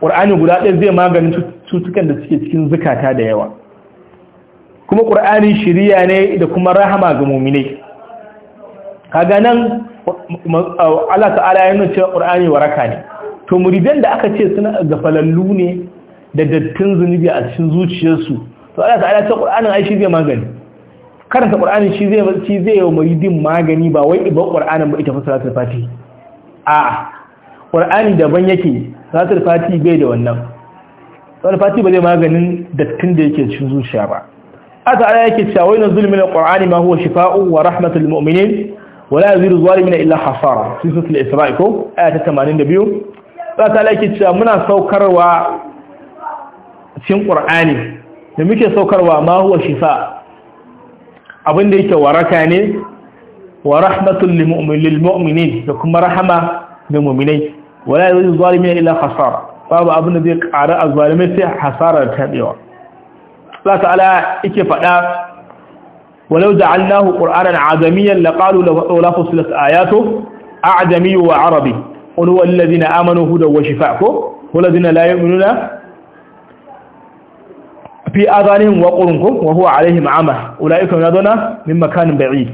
ƙur'ani guda ɗaya zai maganin sukan da suke cikin zukata da yawa kuma ƙur'ani shiriya ne da kuma rahama ga muminai kaga nan Allah ta'ala ya nuna cewa ƙur'ani waraka ne to muridan da aka ce suna gafalallu ne da dattin zunubi a cikin zuciyarsu to Allah ta'ala ta ƙur'anin ai zai magani karanta qur'ani shi zai shi zai yi muridin magani ba wai ibar qur'anin ba ita fa salatul fati a qur'ani daban yake salatul fati bai da wannan salatul fati ba zai maganin dattin da yake cikin zuciya ba ata ala yake cewa wayna zulmin alqur'ani ma huwa shifaa'u wa rahmatul mu'minin wa la yaziru zalimina illa hasara fi suratul isra'i ko aya ta 82 ata ala yake cewa muna saukarwa cikin qur'ani da muke saukarwa ma huwa shifaa'u abin da yake waraka ne wa rahmatul lil mu'minin da kuma rahama ga mu'minai wala yuzu zalimin illa khasara babu abin da zai ƙara azzalimai sai hasara ta dewa Allah ta'ala yake faɗa ولو جعلناه قرآنا عجميا لقالوا لولا فصلت آياته أعجمي وعربي na هو الذين آمنوا هدى وشفاء والذين لا يؤمنون fi azanihim waqurun kum wa huwa alaihim ama ulaika yaduna min makanin ba'id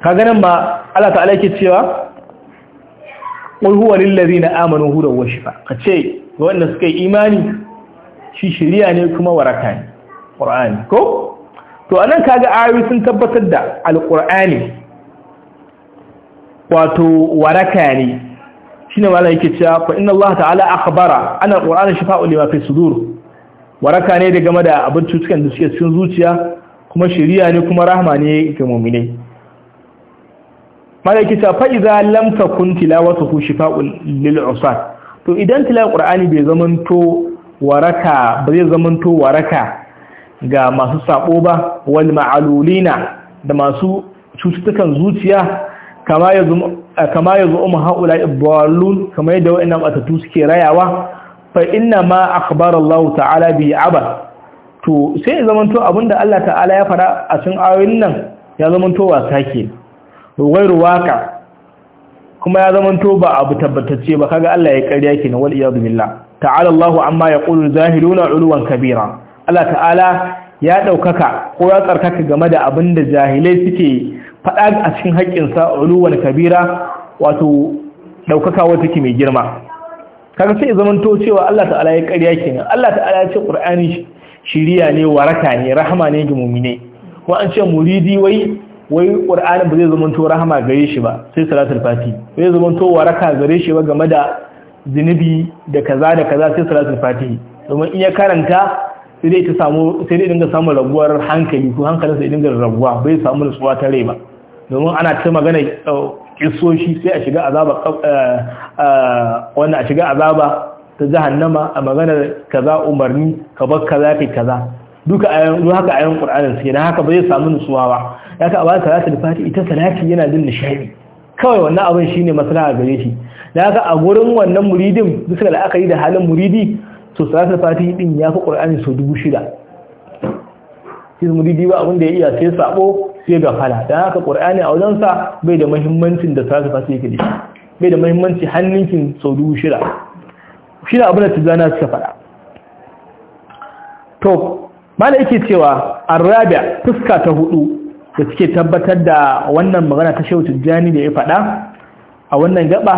kaga nan ba Allah ta'ala yake cewa qul huwa lil ladina amanu hudan wa shifa kace wanda suka yi imani shi shiriya ne kuma waraka ne qur'ani ko to anan kaga ayoyi sun tabbatar da alqur'ani wato waraka ne shine wala yake cewa fa inna Allah ta'ala akhbara anna alqur'ana shifa'u lima fi sudur waraka ne da game da abin cutukan da suke cikin zuciya kuma shiriya ne kuma rahama ne ga mu'minai malaki ta fa idza lam takun tilawatuhu shifa'un lil usat to idan tilawar qur'ani bai zamanto waraka ba zai zamanto waraka ga masu sabo ba wal ma'alulina da masu cutukan zuciya kama ya zo haula ibalun kamar yadda wa'annan batatu suke rayawa fa inna ma akhbara Allah ta'ala bi abad to sai ya zamanto abinda Allah ta'ala ya fara a cikin ayoyin nan ya zamanto wasa ke ghairu waka kuma ya zamanto ba abu tabbatacce ba kaga Allah ya ƙarya kenan wal iyad billah ta'ala Allah amma yaqulu zahiluna ulwan kabira Allah ta'ala ya daukaka ko ya tsarkaka game da abinda jahilai suke faɗa a cikin haƙƙinsa uluwan kabira wato daukaka wata ki mai girma kaga sai zaman to cewa Allah ta'ala ya ƙarya kenan Allah ta'ala ya ce Qur'ani shiriya ne waraka ne rahama ne ga mu'mine ko an ce muridi wai wai Qur'ani ba zai zaman to rahama gare shi ba sai salatul fati ba zai zaman to waraka gare shi ba game da zinubi da kaza da kaza sai salatul fati domin in ya karanta sai dai ta samu sai dai dinga samu raguwar hankali ko hankalinsa ya dinga raguwa bai samu nutsuwa ta rai ba domin ana ta magana kisoshi sai a shiga azaba eh, eh, wanda a shiga azaba ta jahannama a maganar kaza umarni ka bar kaza kai kaza duka ayan duk haka ayan Qur'anin sai dan haka ba bai samu nutsuwa ba haka a bayan salatu fati ita salati yana din nishadi kawai wannan abin shine maslaha gare shi dan haka a gurin wannan muridin bisa da aka yi da halin muridi to salatu fati din yafi Qur'ani so shida. su muridi ba abinda da ya iya sai sabo sai fala Da haka qur'ani a wajen sa bai da muhimmancin da sarrafa sai yake da bai da muhimmanci hannunkin sau dubu shida shida abin da tijana suka faɗa to mana yake cewa arabiya fuska ta hudu da suke tabbatar da wannan magana ta shehu tijjani da ya faɗa a wannan gaba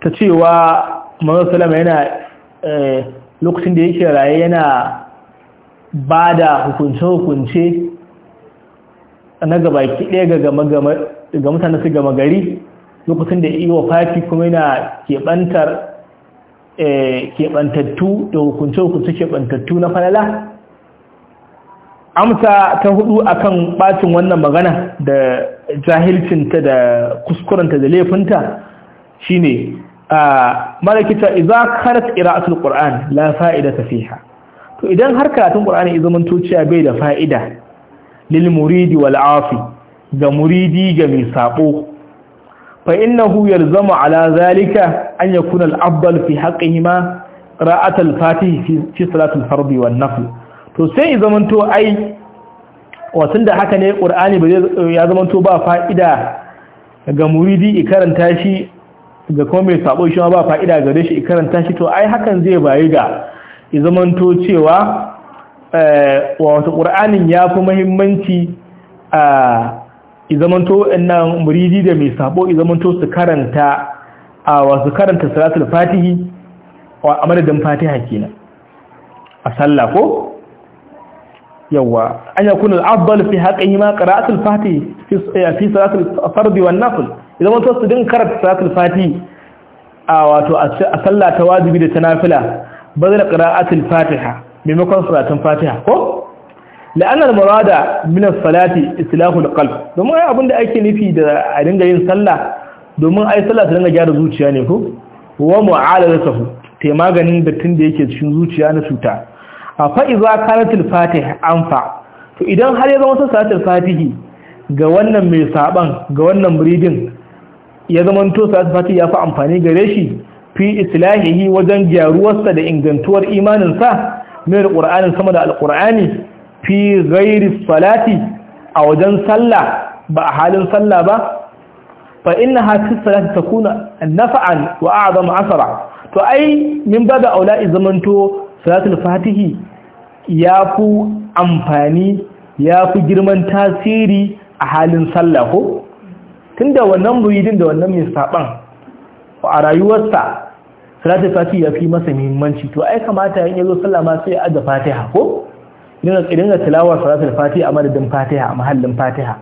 ta cewa manzo salama yana eh, lokacin da yake raye yana ba da hukunce-hukunce na gaba ki ɗaya ga mutane su gama gari lokacin da iya fati kuma yana keɓantar eh, keɓantattu da hukunce-hukunce keɓantattu na falala amsa ta hudu akan ɓacin wannan magana da jahilcinta da kuskurenta da laifinta shine a ah, malakita iza karat ira'atul qur'an la ta fiha to idan har karatun qur'ani ya zama tociya bai da fa'ida lil muridi wal afi ga muridi ga mai sabo fa innahu yalzamu ala zalika an yakuna al afdal fi haqqihima qira'at al fatih fi salat al fardh wal nafl to sai ya zama to ai wasun da haka ne qur'ani ba ya zama to ba fa'ida ga muridi i karanta shi ga kuma mai sabo shi ba fa'ida gare shi karanta shi to ai hakan zai bayi ga izamanto cewa eh, wata ƙur'anin ya fi mahimmanci a izamanto nan muridi da mai sabo izamanto su karanta a wasu karanta salatul fatihi a madadin fatiha kenan a sallah ko yawa an yi al-afdal fi yi ma fatihi a eh, fi salatul fard wan nafl izamanto su din karanta salatul fatihi a wato a sallah ta wajibi da ta nafila bazal qira'atul fatiha maimakon salatin fatiha ko la'annar murada min as-salati islahul qalb domin ai abinda ake nufi da a dinga yin sallah domin ai sallah ta dinga gyara zuciya ne ko wa mu'alalatuhu te maganin dattin da yake cikin zuciya na cuta a fa iza kanatul fatih anfa to idan har ya zama salatul fatihi ga wannan mai saban ga wannan muridin ya zama to salatul fatihi ya fi amfani gare shi fi islahihi wajen gyaruwarsa da ingantuwar imaninsa miyar alqur'ani sama da alqur'ani fi ghairi salati a wajen sallah ba a halin sallah ba fa innaha fi salati takuna naf'an wa a'zama asara to ai min babu aula'i zamanto salatul fatihi fi amfani ya fi girman tasiri a halin sallah ko tunda wannan muridin da wannan mai saban a rayuwarsa salatu fati ya fi masa muhimmanci to ai kamata in yazo sallah ma sai ya aje fatiha ko idan ka dinga tilawar salatu fati a madadin fatiha a mahallin fatiha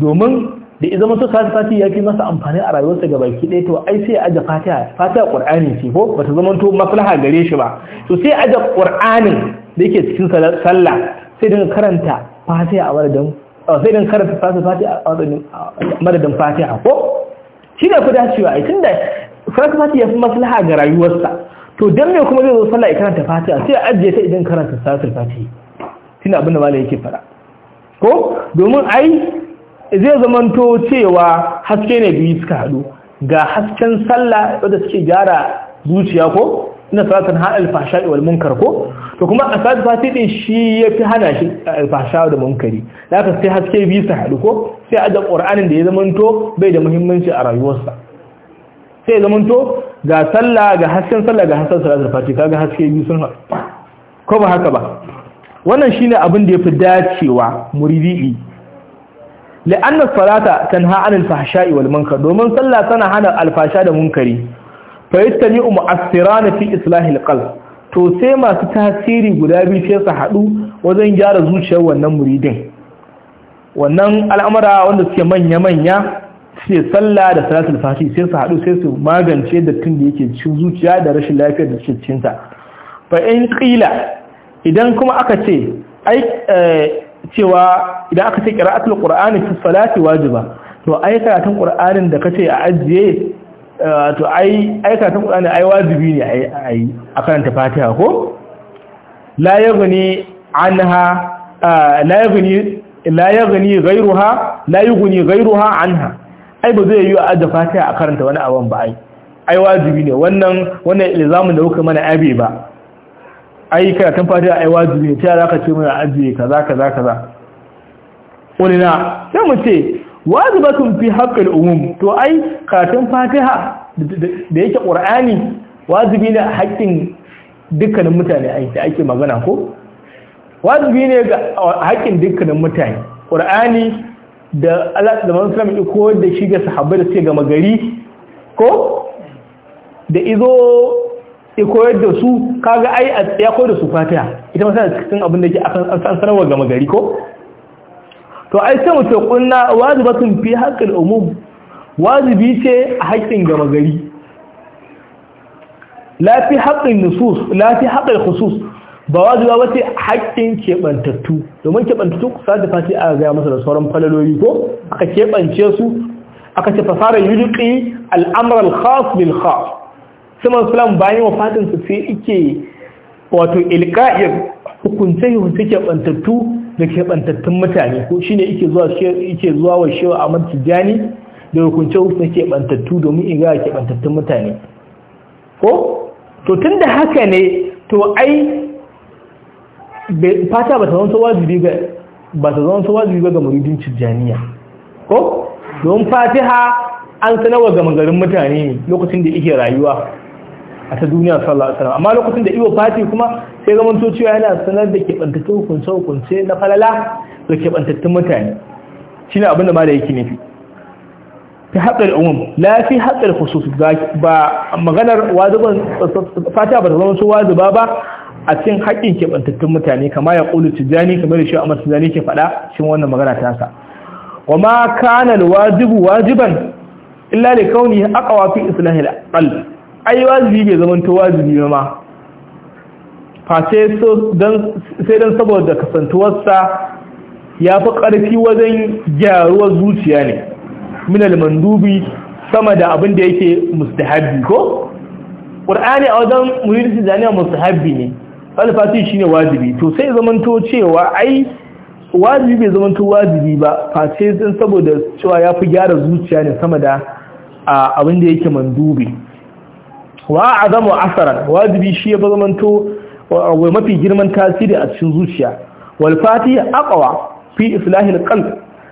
domin da idan mutum salatu fati ya fi masa amfani a rayuwarsa ga baki ɗaya to ai sai ya aje fatiha fatiha qur'ani ce ko bata zama to maslaha gare shi ba to sai aje qur'anin da yake cikin sallah sai dinga karanta fatiha a madadin sai dinga karanta salatu fati a madadin fatiha ko shi ne fi dacewa ai tunda farko fati ya fi maslaha ga rayuwarsa to dan ne kuma zai zo sallah ya karanta fatiha sai ajiye ta idan karanta salatul fatiha tina abin da malai yake fara ko domin ai zai zamanto cewa haske ne biyu suka haɗu ga hasken sallah wanda suke gyara zuciya ko ina salatan ha alfasha wal munkar ko to kuma a salatu fati din shi yafi hana shi alfasha eh, da munkari zaka sai haske biyu su haɗu ko sai aje qur'anin da ya zamanto bai da muhimmanci a rayuwarsa sai zamanto ga sallah ga hasken sallah ga hasken salatul fati ga haske biyu sun ko ba haka ba wannan shine abin da ya fi dacewa muridi la'anna salata tanha 'anil fahsha'i wal munkar domin sallah tana hana alfasha da munkari fa yastami'u na fi islahil qalb to sai masu tasiri guda biyu sai su haɗu wajen gyara zuciyar wannan muridin wannan al'amara wanda suke manya-manya sai tsalla da salatul fati sai su haɗu sai su magance tun da yake cin zuciya da rashin lafiyar da cikin cinta Ba in ƙila idan kuma aka ce ai eh, cewa idan aka ce qira'atul ƙura'ani su salati wajiba to ai karatun qur'anin da ce a ajiye eh, to ai karatun qur'ani ai wajibi ne a karanta fatiha ko la yi gani eh, la yaghni anha ai ba zai yi a da fatiha a karanta wani abin ba ai ai wajibi ne wannan wannan ilzamin da kuka mana abi ba ai karatun fatiha ai wajibi ne ta zaka ce mana ajiye kaza kaza kaza wani na sai mu ce wajibatun fi haqqil umum to ai karatun fatiha da yake qur'ani wajibi ne haƙƙin dukkanin mutane ai da ake magana ko wajibi ne ga haƙƙin dukkanin mutane qur'ani da Allah da manzo sallam iko da shi ga sahabbai da suke gama gari ko da izo iko yadda da su kaga ai ya koyar da su fataya ita ma cikin abin da ke a san sanarwa gama gari ko to ai sai mu ce kunna wajibatun fi haqqil umum wajibi ce a haƙƙin gama gari la fi haqqin nusus la fi haqqil khusus ba wa ba wace haƙƙin keɓantattu domin keɓantattu sa da fati a gaya masa da sauran falaloli ko aka keɓance su aka ce fasara yuduƙi al'amuran khas bin khas simon sulam bayan su sai ike wato ilka'ir hukunce hukunce keɓantattu da keɓantattun mutane ko shi ne ike zuwa wa shewa a Jani. da hukunce hukunce keɓantattu domin iga keɓantattun mutane ko to tun da haka ne to ai fata ba ta zama wajibi ga ba ta zonta wajibi ga muridin tijjaniya ko don fatiha an sanawa ga magarin mutane ne lokacin da yake rayuwa a ta duniya sallallahu alaihi wasallam amma lokacin da iwo fati kuma sai ga manto cewa yana sanar da kebantattun hukunce hukunce na falala da kebantattun mutane shine abin da malai yake nufi fi haƙar umum la fi haƙar khusus ba maganar wajibin fatiha ba ta zama su wajiba ba a cikin haƙƙin keɓantattun mutane kama ya ƙulu tijjani kamar da shi a masu zane ke faɗa cikin wannan magana ta sa wa ma kana wajibu wajiban illa da kauni aqwa fi islahil qalb ai wajibi bai zama to wajibi ma face sai don saboda kasantuwarsa ya fi ƙarfi wajen gyaruwar zuciya ne min al-mandubi sama da abin da yake mustahabbi ko qur'ani a wajen murid a mustahabbi ne alfati shine wajibi to sai zamanto cewa ai wajibi bai zamanto wajibi ba face sun saboda cewa ya fi gyara zuciya ne sama da abin da yake mandubi wa zama asaran wajibi shi ya fi zamanto wa mafi girman tasiri a cikin zuciya walfati fati aqwa fi islahil qalb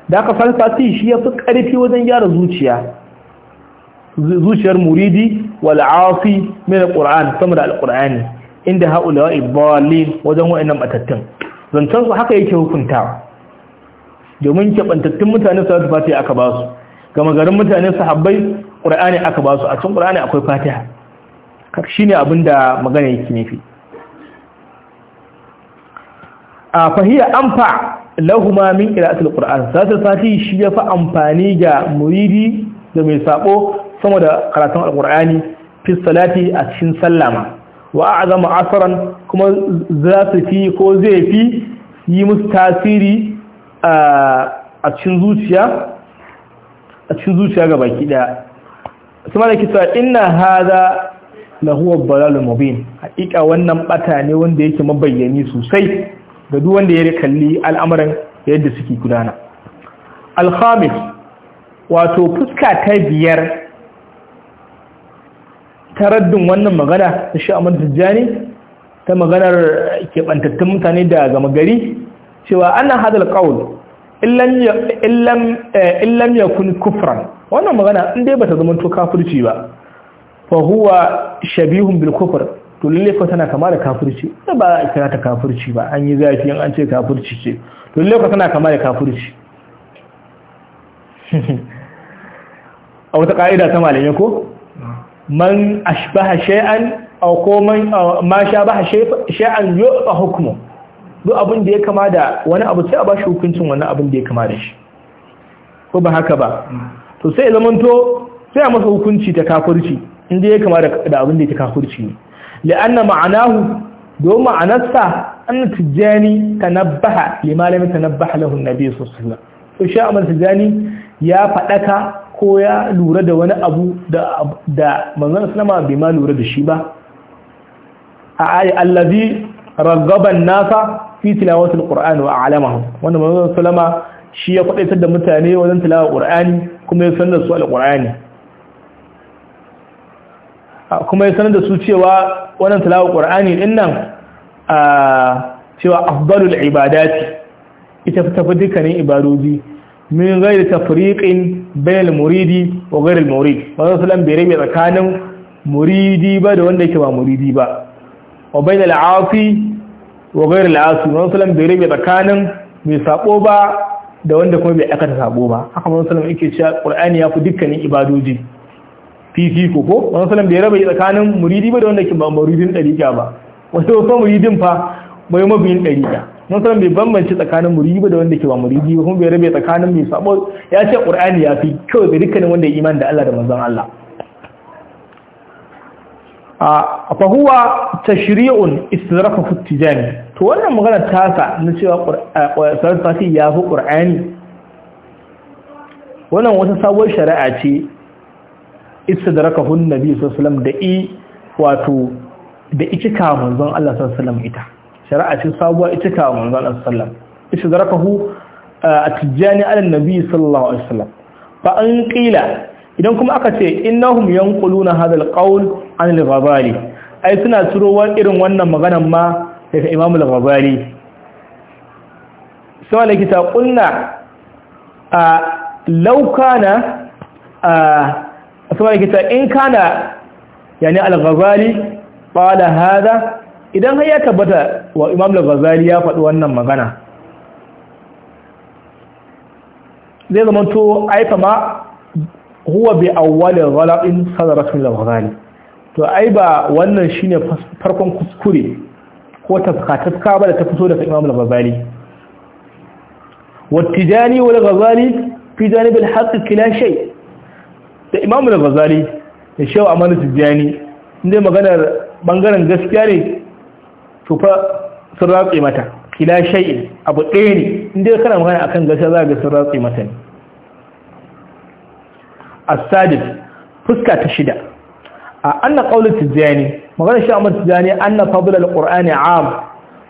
da ka falfati shi ya fi karfi wajen gyara zuciya zuciyar muridi wal'afi mai min alquran sama da alqurani inda haula ibalin wajen wayannan matattun zancan su haka yake hukunta. domin kebantattun mutane su fatiha aka ba su gama garin mutane sahabbai qur'ani aka ba su a cikin qur'ani akwai fatiha shine abinda magana yake nufi a fahiya anfa lahuma min qira'atul qur'an salatul Fati shi ya fa amfani ga muridi da mai sabo sama da karatun alqur'ani fi salati a cikin sallama wa zama asaran kuma za su fi ko zai fi yi musu tasiri a cikin zuciya ga baki ɗaya. su ma da kisa ina haza na huwa balalul mubin haƙiƙa wannan ɓata ne wanda yake mabayyani sosai ga duk wanda ya kalli al'amuran yadda suke gudana Alkhamis, wato fuska ta biyar taraddun wannan magana ta shi Tijjani ta maganar keɓantattun mutane da gama gari cewa ana hadal ƙaun illam ya eh, kuni kufran wannan magana in dai ba ta zama to kafirci ba fa shabihun bil kufr to lalle tana kama da kafirci da ba a kira ta kafirci ba an yi zafi in an ce kafirci ce to lalle tana kama da kafirci a wata ka'ida ta malamai ko man ashbaha shay'an aw ko man ma shabaha shay'an yu'ta hukmu duk abin da ya kama da wani abu sai a bashi hukuncin wani abin da ya kama da shi ko ba haka ba to sai ilmanto sai a masa hukunci ta kafirci inda ya kama da abin da ya kafirci ne la'anna ma'anahu do ma'anarsa an tijjani tanabbaha limalami tanabbaha lahu nabi sallallahu alaihi wasallam to shi amma tijjani ya fadaka ko ya lura da wani abu da manzon sallama bai ma lura da shi ba a ayi allazi ragaban nasa fi tilawatul qur'an wa a'lamahu wanda manzon sallama shi ya kwadaitar da mutane wajen tilawa qur'ani kuma ya sanar da su alqur'ani kuma ya sanar da su cewa wannan tilawa qur'ani din nan cewa afdalul ibadati ita tafi dukkanin ibadoji min ghairi tafriqin bainal muridi wa bai tsakanin muridi ba da wanda yake ba muridi ba wa bainal aasi wa ghairil bai rabe tsakanin mai sabo ba da wanda kuma bai aikata sabo ba haka wannan sallan ke cewa qur'ani ya fi dukkanin ibadoji fifi ko ko wannan bai tsakanin muridi ba da wanda ke ba muridin dariqa ba wato fa muridin fa mabiyin dariqa mun bai bambanci tsakanin muridi da wanda ke ba muridi ba kuma bai rabe tsakanin mai sabo ya ce qur'ani ya fi kyau ga dukkanin wanda ya imani da Allah da manzon Allah a fa huwa tashri'un istidraka fi tijani to wannan magana tasa na cewa qur'ani fati ya fi qur'ani wannan wata sabuwar shari'a ce istidraka hun nabi sallallahu alaihi wasallam da i wato da ita ka manzon Allah sallallahu alaihi wasallam ita shari'a ce sabuwa ita kawo manzon Allah sallallahu alaihi wasallam eh, atijani ala nabi sallallahu alaihi wasallam Ba an kila idan kuma aka ce innahum yanquluna hadha alqawl an al-ghabali ai suna turo irin wannan maganan ma daga Imam al-ghabali sai wala kita qulna a law kana a sai wala kita in kana yani al-ghabali qala hadha idan har ya tabbata wa imam al-ghazali ya faɗi wannan magana zai zama to ai ma huwa bi awwalil ghalabin sadarat min al-ghazali to ai ba wannan shine farkon kuskure ko tafka ba da ta fito daga imam al-ghazali ghazali fi janib al-haqq kila shay da imam al-ghazali da shehu amanu tijani inda maganar bangaren gaskiya ne to sun ratse mata ila shay'in abu ɗaya ne inda kana magana akan gaskiya za ga sun ratse mata ne as-sadid fuska ta shida a anna qawlu Tijjani, magana shi amma Tijjani, anna fadl al-qur'ani 'am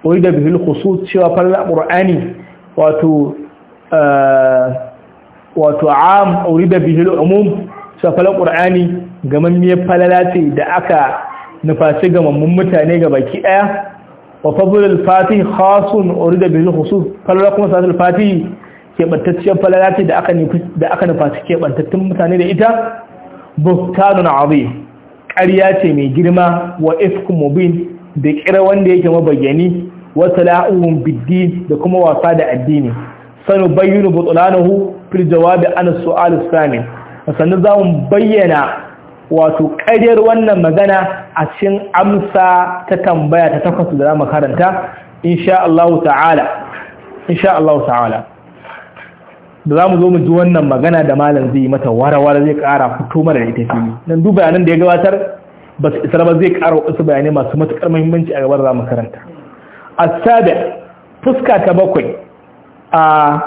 wa da bihi al-khusus cewa fadl al-qur'ani wato eh, wato 'am urida bihi al-umum cewa fadl al-qur'ani gaman ne falalati da aka nufaci gamammun mutane ga baki daya wa fadlul fatih khasun urida bil khusus falala kuma salatul fatih falala ce da aka nufi da aka nufa bantattun mutane da ita buktanun azim ƙarya ce mai girma wa ifkum mubin da kira wanda yake mabayani, wa tala'un biddin da kuma wasa da addini sanu bayyinu butlanahu fil jawabi an su'al as-sami sannan za mu bayyana wato ƙaryar wannan magana a cikin amsa ta tambaya ta takwas da zamu karanta insha Allah ta'ala insha Allah ta'ala da zamu zo mu ji wannan magana da malam zai mata warawara zai ƙara fito mana da ita fili nan duk bayanan da ya gabatar ba su isar ba zai ƙara wasu bayanai masu matuƙar muhimmanci a gabar zamu karanta asabi fuska ta bakwai a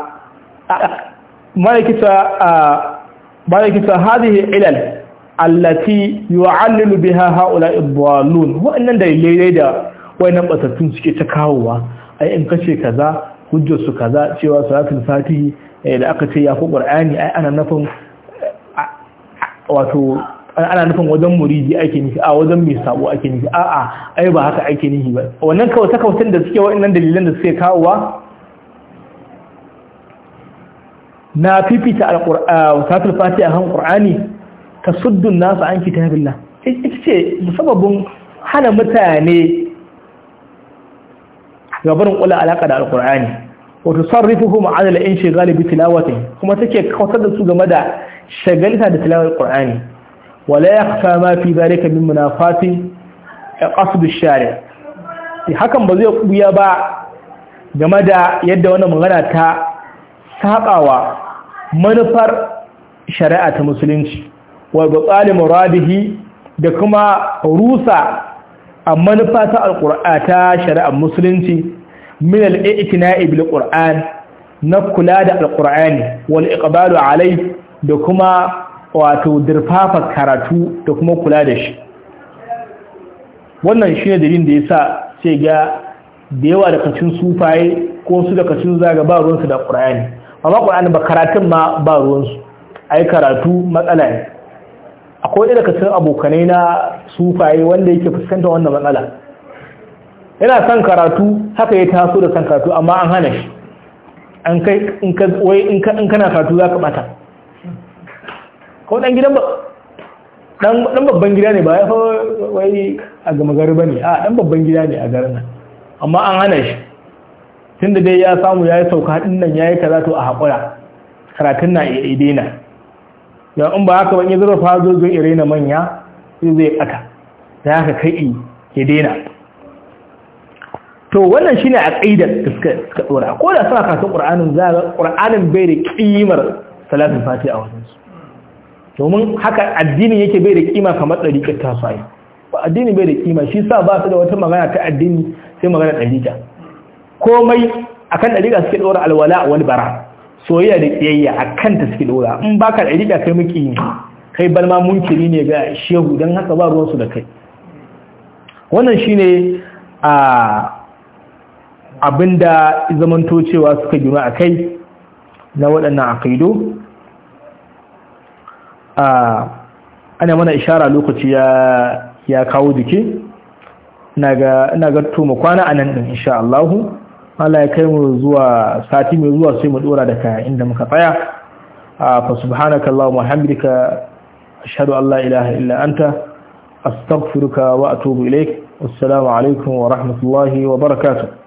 malaki ta a ta hadhihi ilal allati yu'allilu biha haula idwalun wa'annan dalilai da wayannan batattun suke ta kawowa ai in kace kaza hujjar su kaza cewa salatul fatihi eh, da aka ce ya ku qur'ani ai ana nufin eh, wato ana nufin wajen muridi ake nufi a wajen mai sabo ake nufi a a ai ba haka ake nufi ba wannan kawai ta kawtan da suke wayannan dalilan da suke kawowa na fifita al-qur'ani salatul fatihi a kan qur'ani tasuddun nasu an kitabillah ita ce sababin hana mutane gabarin kula alaka da alkur'ani wato sarrifuhum ko al'in shigali galibi tilawatin kuma take kawatar da su game da shagalita da tilawar alkur'ani wala yakhfa ma fi zalika min munafati qasd ash-shari' eh, hakan ba zai buya ba game da yadda wannan magana ta saƙawa manufar shari'a ta musulunci wa batsali muradihi da kuma rusa a manufa ta alƙur'a ta shari'ar musulunci min al-i'tina'i bil qur'an na kula da alƙur'ani wal iqbalu alai da kuma wato dirfafa karatu da kuma kula da shi wannan shine dalilin da yasa sai ga da yawa da kacin sufaye ko su da kacin zaga ba ruwansu da ƙur'ani amma ƙur'ani ba karatun ma ba ruwansu ai karatu matsala ne akwai ɗaya daga cikin abokanai na sufaye wanda yake fuskanta wannan matsala yana son karatu haka ya taso da son karatu amma an hana shi an kai in kana karatu za ka bata kawai ɗan babban gida ne ba ya fa wai a gama gari ba ne a ɗan babban gida ne a garin nan amma an hana shi tun da dai ya samu ya yi sauka haɗin nan ya yi karatu a haƙura karatun na iya daina don in ba haka ban yi zarafa zozo ire na manya sai zai aka da haka kai ya daina to wannan shine kaidar da suka suka dora ko da suna kasan qur'anin za ga qur'anin bai da kimar salatul fatiha a wajen su domin haka addini yake bai da kima kamar dariƙar tasawuf ba addini bai da kima shi sa ba su da wata magana ta addini sai magana dariƙa komai akan dariƙa suke dora alwala wal bara soyayya da tsayayya a kanta suke dora in baka da ɗariƙa kai muke kai balma munkiri ne ga shehu don haka ba ruwansu da kai wannan shine a da zamanto cewa suka gina a kai na waɗannan kaido. ana mana ishara lokaci ya kawo jiki na ga tuma kwana a nan ɗin insha Allah ya kai mu zuwa sati mai zuwa sai mu dora daga inda muka tsaya fa subhanaka allahumma hamdika ashhadu an la ilaha illa anta astaghfiruka wa atubu ilaik assalamu alaikum wa rahmatullahi wa barakatuh